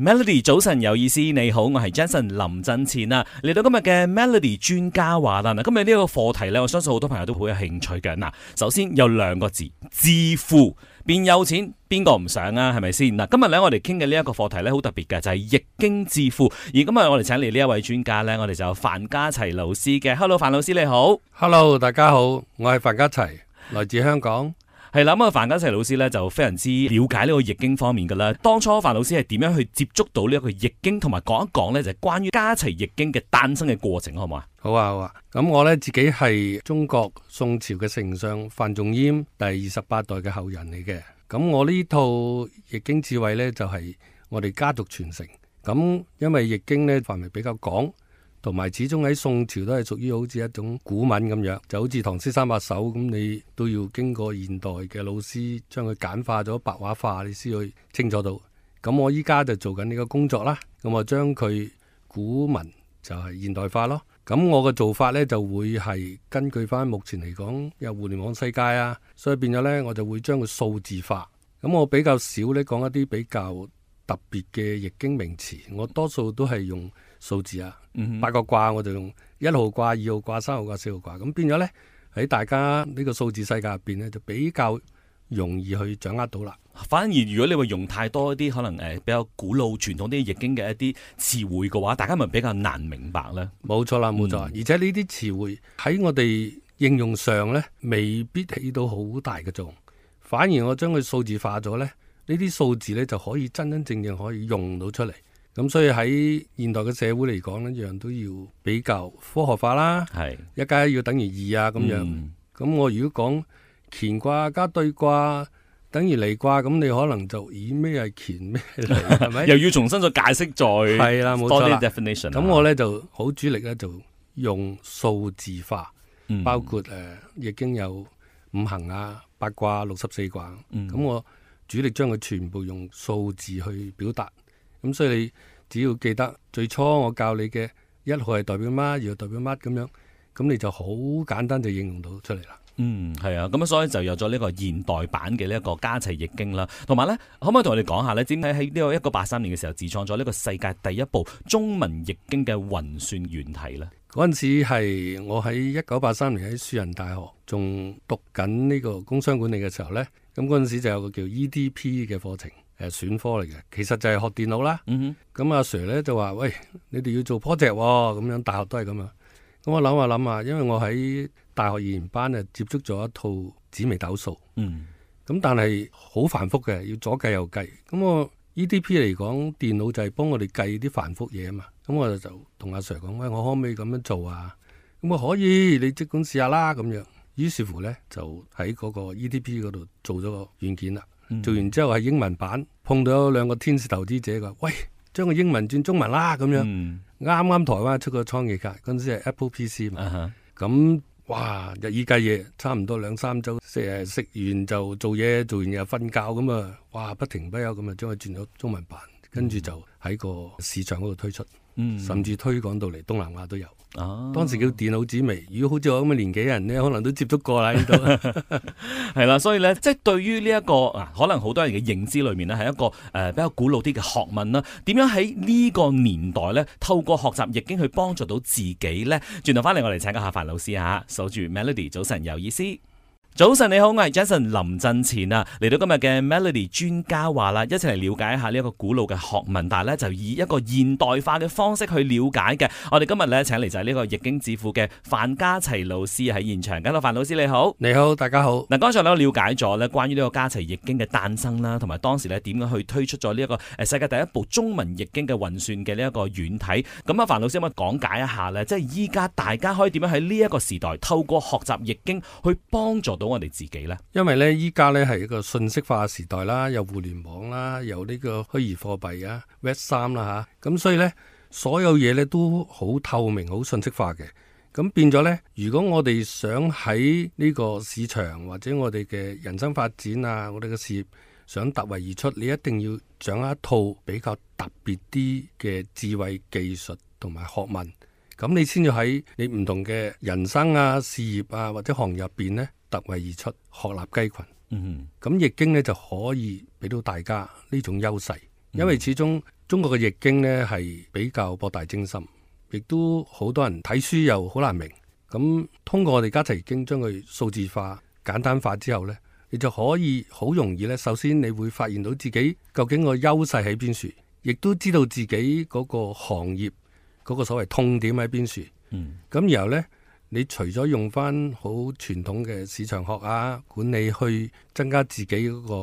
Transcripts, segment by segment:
Melody 早晨有意思，你好，我係 Jason 林振前啊，嚟到今日嘅 Melody 專家話啦嗱，今日呢一個課題咧，我相信好多朋友都好有興趣嘅嗱。首先有兩個字，致富變有錢，邊個唔想啊？係咪先嗱？今日咧我哋傾嘅呢一個課題咧，好特別嘅就係、是、易經致富，而今日我哋請嚟呢一位專家呢，我哋就范家齊老師嘅。Hello 范老師你好，Hello 大家好，我係范家齊，來自香港。係啦，咁啊，范家齊老師呢就非常之了解呢、這個易經方面噶啦。當初范老師係點樣去接觸到呢、這、一個易經，同埋講一講呢就係、是、關於家齊易經嘅誕生嘅過程，好嘛？好啊，好啊。咁、嗯、我呢，自己係中國宋朝嘅丞相范仲淹第二十八代嘅後人嚟嘅。咁、嗯、我呢套易經智慧呢，就係、是、我哋家族傳承。咁、嗯、因為易經呢範圍比較廣。同埋，始終喺宋朝都係屬於好似一種古文咁樣，就好似唐詩三百首咁，你都要經過現代嘅老師將佢簡化咗白話化，你先可以清楚到。咁我依家就在做緊呢個工作啦，咁我將佢古文就係現代化咯。咁我嘅做法呢，就會係根據翻目前嚟講，有互聯網世界啊，所以變咗呢，我就會將佢數字化。咁我比較少呢講一啲比較特別嘅易經名詞，我多數都係用。數字啊，嗯、哼八個卦我就用一號卦、二號卦、三號卦、四號卦，咁變咗呢，喺大家呢個數字世界入邊呢，就比較容易去掌握到啦。反而如果你話用太多一啲可能誒、呃、比較古老傳統啲易經嘅一啲詞彙嘅話，大家咪比較難明白呢？冇錯啦，冇錯、啊。而且呢啲詞彙喺我哋應用上呢，未必起到好大嘅作用。反而我將佢數字化咗呢，呢啲數字呢，就可以真真正正，正可以用到出嚟。咁所以喺現代嘅社會嚟講，一樣都要比較科學化啦。係是一加一要等於二啊，咁樣。咁、嗯、我如果講乾卦加兌卦等於離卦，咁你可能就以咩係乾咩離？係咪 吧 又要重新再解釋再？係、 啊、啦，冇錯、嗯。咁我呢就好主力咧，就用數字化，嗯、包括誒、呃、易經有五行啊、八卦、六十四卦。咁、嗯嗯、我主力將佢全部用數字去表達。咁所以你只要記得最初我教你嘅一號係代表乜，二號代表乜咁樣，咁你就好簡單就應用到出嚟啦。嗯，係啊，咁所以就有咗呢個現代版嘅呢一個家齊易經啦。同埋呢，可唔可以同我哋講下呢？點解喺呢個一九八三年嘅時候，自創咗呢個世界第一部中文易經嘅運算原題呢？嗰陣時係我喺一九八三年喺樹仁大學仲讀緊呢個工商管理嘅時候呢。咁嗰陣時就有個叫 EDP 嘅課程。誒選科嚟嘅，其實就係學電腦啦。咁阿、嗯哼啊、Sir 咧就話：喂，你哋要做 project 喎、哦，咁樣大學都係咁樣。咁我諗下諗下，因為我喺大學二年班啊，接觸咗一套紫微斗數。咁、嗯、但係好繁複嘅，要左計右計。咁我 E D P 嚟講，電腦就係幫我哋計啲繁複嘢啊嘛。咁我就同阿 Sir 講：喂，我可唔可以咁樣做啊？咁啊可以，你即管試下啦。咁樣，於是乎呢，就喺嗰個 E D P 嗰度做咗個軟件啦。嗯、做完之後係英文版，碰到兩個天使投資者，佢話：喂，將個英文轉中文啦咁樣。啱啱、嗯、台灣出個創業家，嗰陣時係 Apple PC 嘛。咁、uh huh. 哇，日以繼夜，差唔多兩三周，食食完就做嘢，做完又瞓覺咁啊！哇，不停不休咁啊，將佢轉咗中文版，跟住、嗯、就喺個市場嗰度推出。嗯，甚至推廣到嚟東南亞都有。啊、當時叫電腦紫微，如果好似我咁嘅年，年紀人咧，可能都接觸過啦。呢度係啦，所以咧，即、就、係、是、對於呢一個，可能好多人嘅認知裏面咧，係一個誒、呃、比較古老啲嘅學問啦。點樣喺呢個年代咧，透過學習易經去幫助到自己咧？轉頭返嚟，我嚟請下范老師嚇，守住 Melody，早晨有意思。早晨，你好，我係 Jason 林振前啊，嚟到今日嘅 Melody 專家話啦，一齊嚟了解一下呢一個古老嘅學問，但係咧就以一個現代化嘅方式去了解嘅。我哋今日咧請嚟就係呢個易經致富嘅范家齊老師喺現場。咁啊，范老師你好，你好，大家好。嗱，剛才咧我了解咗咧關於呢個家齊易經嘅誕生啦，同埋當時咧點樣去推出咗呢一個誒世界第一部中文易經嘅運算嘅呢一個軟體。咁、嗯、啊，范老師可唔可以講解一下咧？即係依家大家可以點樣喺呢一個時代透過學習易經去幫助到？我哋自己啦，因為咧依家咧係一個信息化時代啦，有互聯網啦，有呢個虛擬貨幣啊，Web 三啦吓，咁所以咧所有嘢咧都好透明、好信息化嘅。咁變咗咧，如果我哋想喺呢個市場或者我哋嘅人生發展啊，我哋嘅事業想突圍而出，你一定要掌握一套比較特別啲嘅智慧技術同埋學問，咁你先至喺你唔同嘅人生啊、事業啊或者行業入邊咧。突圍而出，鶴立雞群。嗯嗯哼，咁易經呢就可以俾到大家呢種優勢，嗯、哼因為始終中國嘅易經呢係比較博大精深，亦都好多人睇書又好難明。咁通過我哋家齊經將佢數字化、簡單化之後呢，你就可以好容易呢。首先，你會發現到自己究竟個優勢喺邊處，亦都知道自己嗰個行業嗰、嗰個所謂痛點喺邊處。嗯，咁然後呢。你除咗用翻好傳統嘅市場學啊管理去增加自己嗰個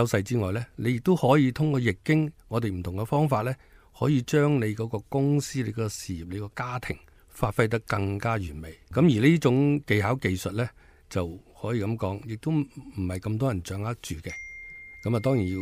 優勢之外呢，你亦都可以通過易經我哋唔同嘅方法呢，可以將你嗰個公司、你個事業、你個家庭發揮得更加完美。咁而呢種技巧技術呢，就可以咁講，亦都唔係咁多人掌握住嘅。咁啊，當然要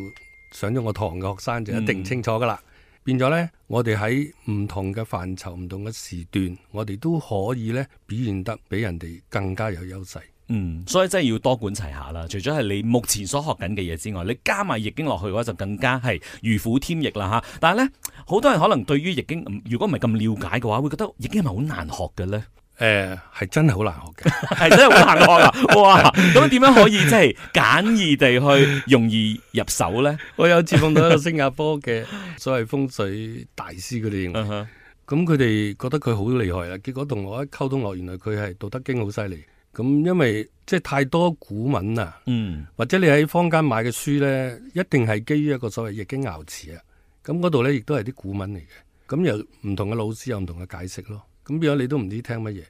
上咗我堂嘅學生就一定清楚㗎喇。嗯變咗呢，我哋喺唔同嘅範疇、唔同嘅時段，我哋都可以呢，表現得比人哋更加有優勢。嗯，所以真係要多管齊下啦。除咗係你目前所學緊嘅嘢之外，你加埋易經落去嘅話，就更加係如虎添翼啦吓。但係呢，好多人可能對於易經，如果唔係咁了解嘅話，會覺得易經係咪好難學嘅呢？誒，係、呃、真係好難學嘅，係 真係好難學啊！哇，咁點樣可以即係簡易地去容易入手呢？我有次碰到一個新加坡嘅所謂風水大師嗰啲，咁佢哋覺得佢好厲害啊！結果同我一溝通落，原來佢係《道德經》好犀利。咁因為即係太多古文啊，嗯，或者你喺坊間買嘅書呢，一定係基於一個所謂《易經》爻辭啊。咁嗰度呢，亦都係啲古文嚟嘅。咁有唔同嘅老師有唔同嘅解釋咯。咁變咗你都唔知聽乜嘢？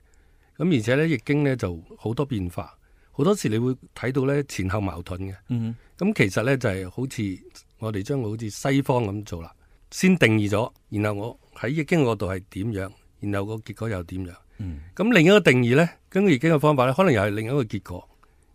咁而且咧《易經》咧就好多變化，好多時你會睇到咧前後矛盾嘅。咁、嗯、哼其實咧就係、是、好似我哋將佢好似西方咁做啦，先定義咗，然後我喺《易經》嗰度係點樣，然後個結果又點樣。咁、嗯、另一個定義咧，根據《易經》嘅方法咧，可能又係另一個結果。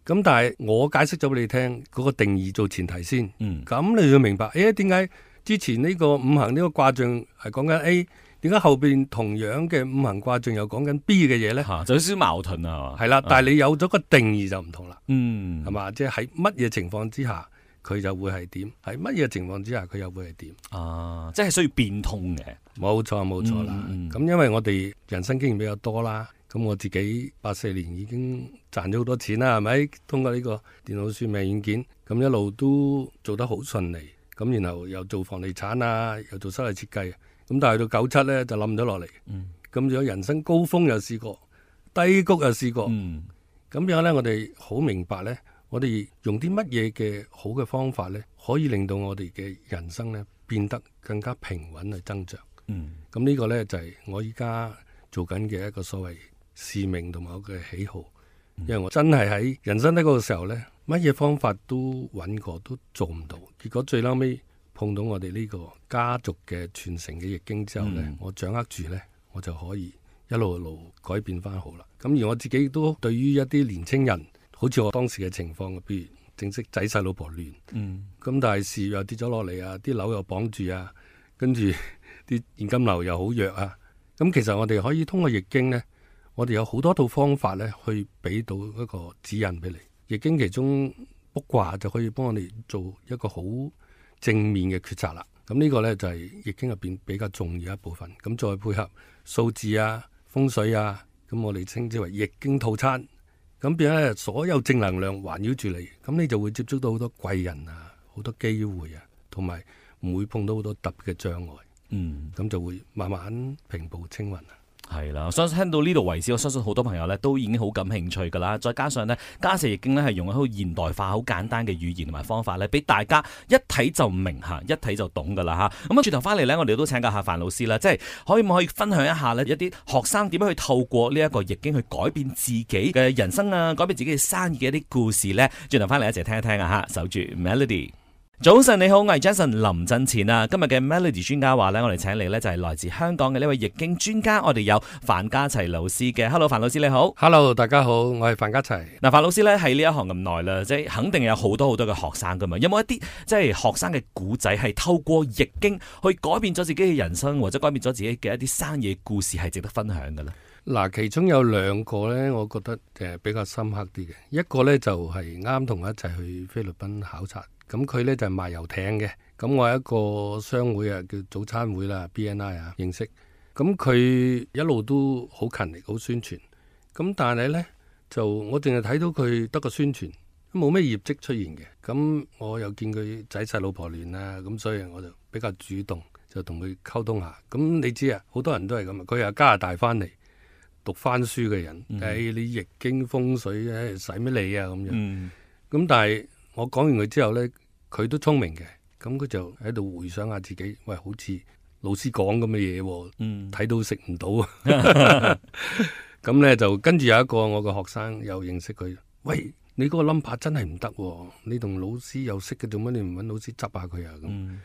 咁但係我解釋咗俾你聽嗰、那個定義做前提先。咁、嗯、你要明白，誒點解之前呢個五行呢個卦象係講緊 A？點解後邊同樣嘅五行卦仲有講緊 B 嘅嘢呢、啊？就有少矛盾的啊嘛。係啦，但係你有咗個定義就唔同啦。嗯，係嘛，即係喺乜嘢情況之下佢就會係點？喺乜嘢情況之下佢又會係點？啊，即、就、係、是、需要變通嘅。冇錯冇錯啦。咁、嗯嗯、因為我哋人生經驗比較多啦，咁我自己八四年已經賺咗好多錢啦，係咪？通過呢個電腦算命軟件，咁一路都做得好順利。咁然後又做房地產啊，又做室內設計。咁但係到九七咧，就冧咗落嚟。咁如果人生高峰又試過，低谷又試過，咁、嗯、樣咧我哋好明白咧，我哋用啲乜嘢嘅好嘅方法咧，可以令到我哋嘅人生咧變得更加平穩去增長。咁、嗯、呢個咧就係、是、我依家做緊嘅一個所謂使命同埋我嘅喜好，因為我真係喺人生呢個時候咧，乜嘢方法都揾過都做唔到，結果最嬲尾，碰到我哋呢個家族嘅傳承嘅易經之後呢、嗯、我掌握住呢，我就可以一路一路改變翻好啦。咁、嗯、而我自己都對於一啲年青人，好似我當時嘅情況，譬如正式仔細老婆亂，咁、嗯嗯、但係事又跌咗落嚟啊，啲樓又綁住啊，跟住啲現金流又好弱啊。咁、嗯、其實我哋可以通過易經呢，我哋有好多套方法呢，去俾到一個指引俾你。易經其中卜卦就可以幫我哋做一個好正面嘅決策啦，咁、嗯、呢、呢個呢，就係易經入邊比較重要一部分。咁再配合數字啊、風水啊，咁我哋稱之為易經套餐，咁變咗所有正能量環繞住你，咁你就會接觸到好多貴人啊、好多機會啊，同埋唔會碰到好多特別嘅障礙。嗯，咁就會慢慢平步青雲。啊。係啦，所以聽到呢度為止，我相信好多朋友咧都已經好感興趣噶啦。再加上呢，加成易經咧係用咗一個現代化、好簡單嘅語言同埋方法咧，俾大家一睇就明吓，一睇就懂噶啦吓。咁、嗯、啊，轉頭翻嚟呢，我哋都請教下范老師啦，即係可唔可以分享一下呢？一啲學生點樣去透過呢一個易經去改變自己嘅人生啊，改變自己嘅生意嘅一啲故事呢？轉頭翻嚟一齊聽一聽啊吓，守住 Melody。早晨，你好，我係 Jason。林振前啊，今日嘅 Melody 專家話咧，我哋請嚟呢，就係來自香港嘅呢位易經專家。我哋有范家齊老師嘅 Hello，范老師你好，Hello，大家好，我係范家齊。嗱，范老師呢，喺呢一行咁耐啦，即係肯定有好多好多嘅學生噶嘛。有冇一啲即係學生嘅古仔係透過易經去改變咗自己嘅人生，或者改變咗自己嘅一啲生意故事，係值得分享嘅咧？嗱，其中有兩個呢，我覺得比較深刻啲嘅一個呢，就係啱同我一齊去菲律賓考察。咁佢呢就係賣遊艇嘅，咁我係一個商會啊，叫早餐會啦，B N I 啊，認識。咁佢一路都好勤力，好宣傳。咁但係呢，就我淨係睇到佢得個宣傳，冇咩業績出現嘅。咁我又見佢仔細老婆亂啊，咁所以我就比較主動就同佢溝通下。咁你知啊，好多人都係咁啊。佢又加拿大翻嚟讀翻書嘅人，誒、嗯哎，你易經風水使乜你啊咁樣。咁、嗯嗯、但係我講完佢之後呢。佢都聰明嘅，咁佢就喺度回想下自己，喂，好似老師講咁嘅嘢，睇、嗯、到食唔到，咁 呢，就跟住有一個我個學生又認識佢，喂，你嗰個冧巴、um、真係唔得，你同老師又識嘅做乜？你唔揾老師執下佢啊？咁、嗯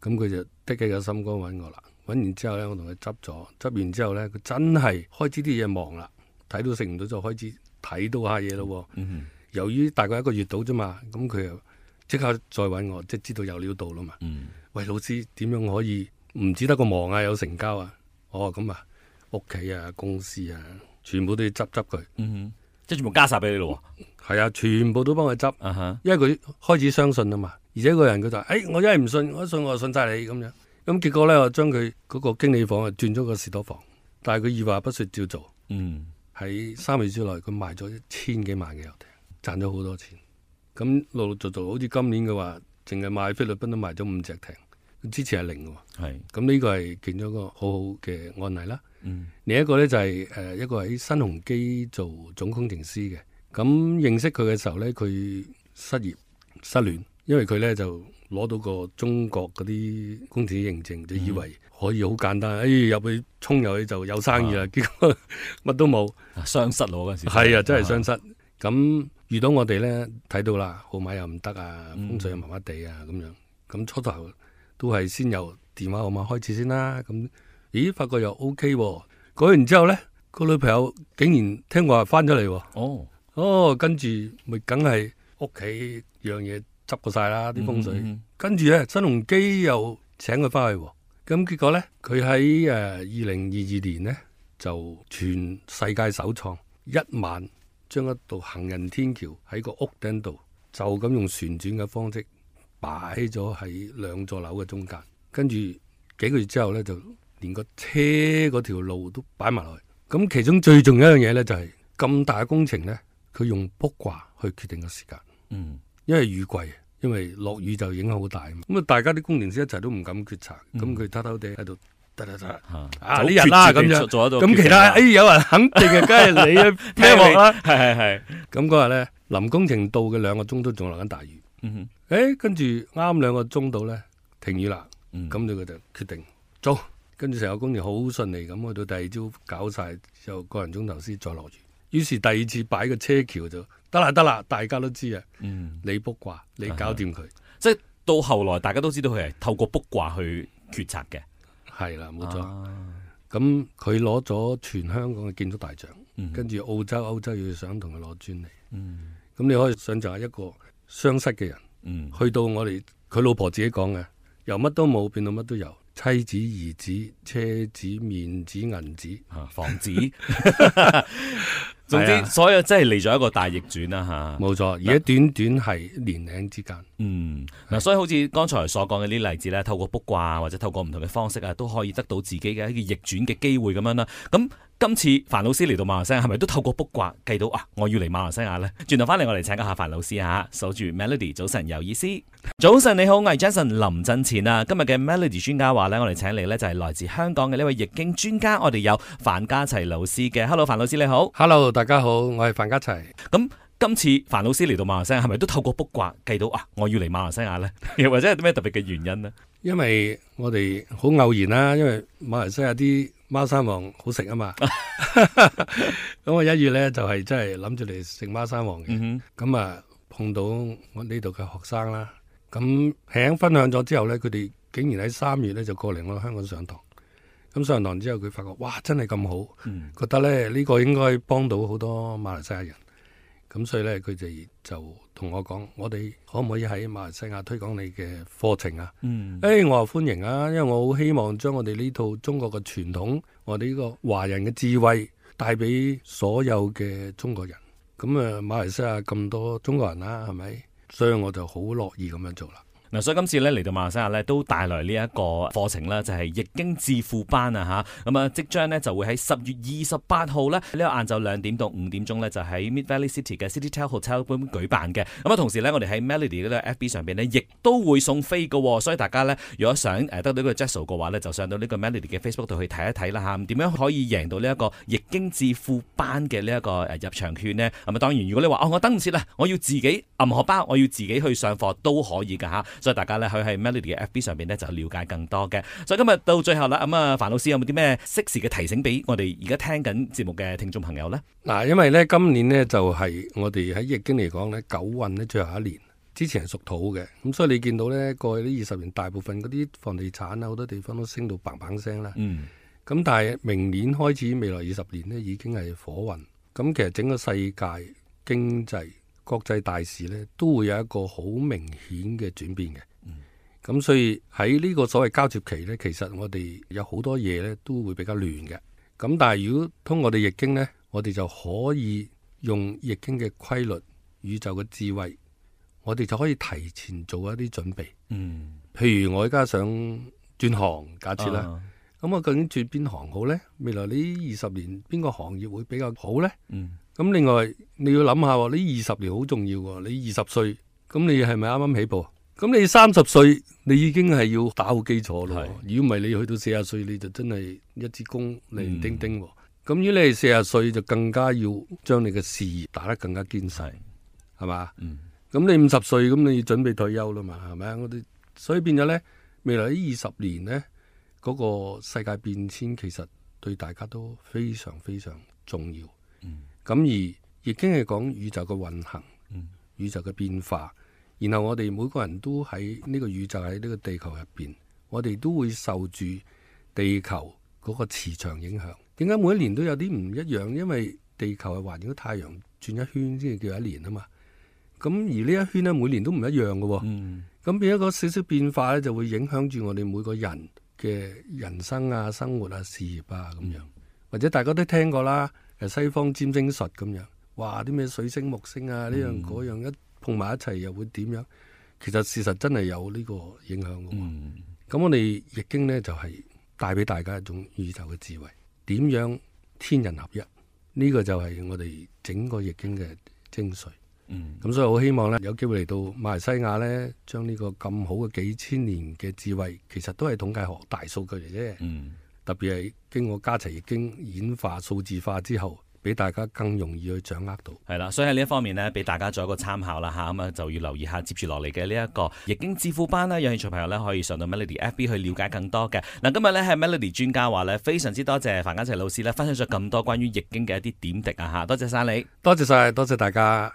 哼，咁佢就即刻有心肝揾我啦。揾完之後呢，我同佢執咗，執完之後呢，佢真係開始啲嘢忙啦，睇到食唔到就開始睇到下嘢咯。嗯、哼由於大概一個月到啫嘛，咁佢又，即刻再揾我，即係知道有料到啦嘛。嗯，喂，老師點樣可以唔止得個忙啊，有成交啊？哦咁啊，屋企啊、公司啊，全部都要執執佢。嗯，即係全部加晒俾你咯。係、嗯、啊，全部都幫佢執。啊哈因為佢開始相信啦嘛，而且個人佢就話誒、哎，我一係唔信，我一信我就信晒你咁樣。咁、嗯嗯、結果咧，我將佢嗰個經理房啊，轉咗個士多房，但係佢二話不說照做。嗯，喺三月之內，佢賣咗一千幾萬嘅遊艇，賺咗好多錢。咁陸陸續續，好似今年嘅話，淨係買菲律賓都買咗五隻艇，之前係零嘅喎。係。咁呢個係見咗個好好嘅案例啦。嗯。另一個呢，就係、是、誒一個喺新鴻基做總工程師嘅，咁認識佢嘅時候呢，佢失業失戀，因為佢呢就攞到個中國嗰啲工程師認證，就以為可以好簡單，哎，入去沖入去就有生意啦，啊、結果乜都冇，雙失攞嘅時候。係啊，真係雙失。咁、啊。遇到我哋咧，睇到啦，號碼又唔得啊，風水又麻麻地啊，咁、嗯、樣。咁初頭都係先由電話號碼開始先啦、啊。咁咦，發覺又 OK 喎、啊。改完之後呢，個女朋友竟然聽話翻咗嚟喎。哦，哦，跟住咪梗係屋企樣嘢執過晒啦啲風水。嗯、跟住咧，新鴻基又請佢翻去、啊。咁、嗯嗯、結果呢，佢喺誒二零二二年呢，就全世界首創一晚。將一道行人天橋喺個屋頂度，就咁用旋轉嘅方式擺咗喺兩座樓嘅中間，跟住幾個月之後呢，就連個車嗰條路都擺埋落去。咁其中最重要一樣嘢呢，就係咁大嘅工程呢，佢用卜卦去決定個時間。嗯，因為雨季，因為落雨就影響好大嘛。咁啊，大家啲工程師一齊都唔敢決策，咁佢偷偷哋喺度。嗯得得得，啊呢日啦咁樣，咁其他誒有人肯定嘅，梗係你啊咩啦，係係係。咁嗰日咧，林工程到嘅兩個鐘都仲落緊大雨，誒，跟住啱兩個鐘到咧停雨啦，咁佢就決定走。跟住成個工程好順利咁去到第二朝搞晒，又個人鐘頭先再落雨。於是第二次擺個車橋就得啦得啦，大家都知啊，你卜卦，你搞掂佢，即係到後來大家都知道佢係透過卜卦去決策嘅。係啦，冇錯。咁佢攞咗全香港嘅建築大獎，嗯、哼跟住澳洲，澳洲要想同佢攞專利。咁、嗯、你可以想像下一個相識嘅人，嗯、去到我哋佢老婆自己講嘅，由乜都冇變到乜都有。妻子、兒子、車子、面子、銀子、啊、房子， 總之、啊、所有真係嚟咗一個大逆轉啦吓，冇、啊、錯，而家短短係年零之間，嗯嗱是、啊，所以好似剛才所講嘅呢啲例子咧，透過卜卦或者透過唔同嘅方式啊，都可以得到自己嘅一個逆轉嘅機會咁樣啦，咁。今次范老師嚟到馬來西亞，係咪都透過卜卦計到啊？我要嚟馬來西亞呢？轉頭翻嚟，我嚟請一下范老師吓，守住 Melody。Melody，早晨有意思，早晨你好，我係 Jason 林振前啊。今日嘅 Melody 專家話咧，我嚟請嚟咧就係、是、來自香港嘅呢位易經專家。我哋有范家齊老師嘅，Hello 范老師你好，Hello 大家好，我係范家齊。咁今次范老師嚟到馬來西亞，係咪都透過卜卦計到啊？我要嚟馬來西亞呢？又或者係啲咩特別嘅原因呢？因為我哋好偶然啦，因為馬來西亞啲貓山王好食啊嘛，咁 我一月呢，就係、是、真係諗住嚟食貓山王嘅，咁啊、嗯、哼碰到我呢度嘅學生啦，咁喺分享咗之後呢，佢哋竟然喺三月呢就過嚟我香港上堂，咁上堂之後佢發覺哇真係咁好，嗯、覺得呢呢個應該幫到好多馬來西亞人，咁所以呢，佢哋就、就同我講，我哋可唔可以喺馬來西亞推廣你嘅課程啊？嗯，誒、哎，我話歡迎啊，因為我好希望將我哋呢套中國嘅傳統，我哋呢個華人嘅智慧帶俾所有嘅中國人。咁、嗯、啊，馬來西亞咁多中國人啦、啊，係咪？所以我就好樂意咁樣做啦。嗱、啊，所以今次咧嚟到馬來西亞咧，都帶來呢一個課程咧，就係、是、易經致富班啊，嚇咁啊，即將咧就會喺十月二十八號咧呢、這個晏晝兩點到五點鐘咧，就喺 Mid Valley City 嘅 Cititel Hotel 舉辦嘅。咁啊，同時咧，我哋喺 Melody 嘅 FB 上邊呢，亦都會送飛噶、哦，所以大家呢，如果想誒得到呢個 Jessal 嘅話呢，就上到呢個 Melody 嘅 Facebook 度去睇一睇啦嚇。點、啊、樣可以贏到呢、這、一個易經致富班嘅呢一個入場券呢？咁啊，當然如果你話哦，我等唔切啊，我要自己揞荷包，我要自己去上課都可以噶嚇。啊所以大家咧去喺 Melody 嘅 FB 上邊呢，就了解更多嘅。所以今日到最後啦，咁啊，范老師有冇啲咩適時嘅提醒俾我哋而家聽緊節目嘅聽眾朋友呢？嗱，因為呢，今年呢，就係我哋喺易經嚟講呢九運呢，最後一年，之前係屬土嘅，咁所以你見到呢，過去呢二十年大部分嗰啲房地產啊，好多地方都升到砰砰聲啦。嗯。咁但係明年開始，未來二十年呢，已經係火運，咁其實整個世界經濟。國際大事呢都會有一個好明顯嘅轉變嘅，咁、嗯、所以喺呢個所謂交接期呢，其實我哋有好多嘢呢都會比較亂嘅。咁但係如果通過我哋易經呢，我哋就可以用易經嘅規律、宇宙嘅智慧，我哋就可以提前做一啲準備。嗯，譬如我而家想轉行，假設啦，咁、啊、我究竟轉邊行好呢？未來呢二十年邊個行業會比較好呢？嗯。咁另外你要諗下喎，呢二十年好重要喎。你二十歲，咁你係咪啱啱起步？咁你三十歲，你已經係要打好基礎咯。如果唔係，你去到四十歲，你就真係一支公零丁丁。咁如果你四十歲，就更加要將你嘅事業打得更加堅實，係嘛？咁你五十歲，咁你要準備退休啦嘛，係咪啊？我哋所以變咗呢。未來呢二十年呢，嗰個世界變遷其實對大家都非常非常重要。嗯咁而易經係講宇宙嘅運行，嗯、宇宙嘅變化。然後我哋每個人都喺呢個宇宙，喺呢個地球入邊，我哋都會受住地球嗰個磁場影響。點解每一年都有啲唔一樣？因為地球係環繞太陽轉一圈先叫一年啊嘛。咁而呢一圈咧，每年都唔一樣嘅，哦。咁變一個少少變化呢就會影響住我哋每個人嘅人生啊、生活啊、事業啊咁樣。嗯、或者大家都聽過啦。西方占星術咁樣，哇！啲咩水星、木星啊，呢、嗯、樣嗰樣一碰埋一齊又會點樣？其實事實真係有呢個影響嘅。咁、嗯、我哋易經呢，就係、是、帶俾大家一種宇宙嘅智慧，點樣天人合一？呢、這個就係我哋整個易經嘅精髓。嗯。咁所以我希望呢，有機會嚟到馬來西亞呢，將呢個咁好嘅幾千年嘅智慧，其實都係統計學大數據嚟啫。嗯。特別係經過家齊易經演化數字化之後，俾大家更容易去掌握到。係啦，所以喺呢一方面呢，俾大家做一個參考啦嚇，咁啊就要留意下接住落嚟嘅呢一個易經致富班啦，有興趣朋友呢，可以上到 Melody FB 去了解更多嘅。嗱、啊，今日呢係 Melody 專家話呢，非常之多謝范家齊老師呢分享咗咁多關於易經嘅一啲點滴啊嚇，多謝曬你，多謝晒，多謝大家。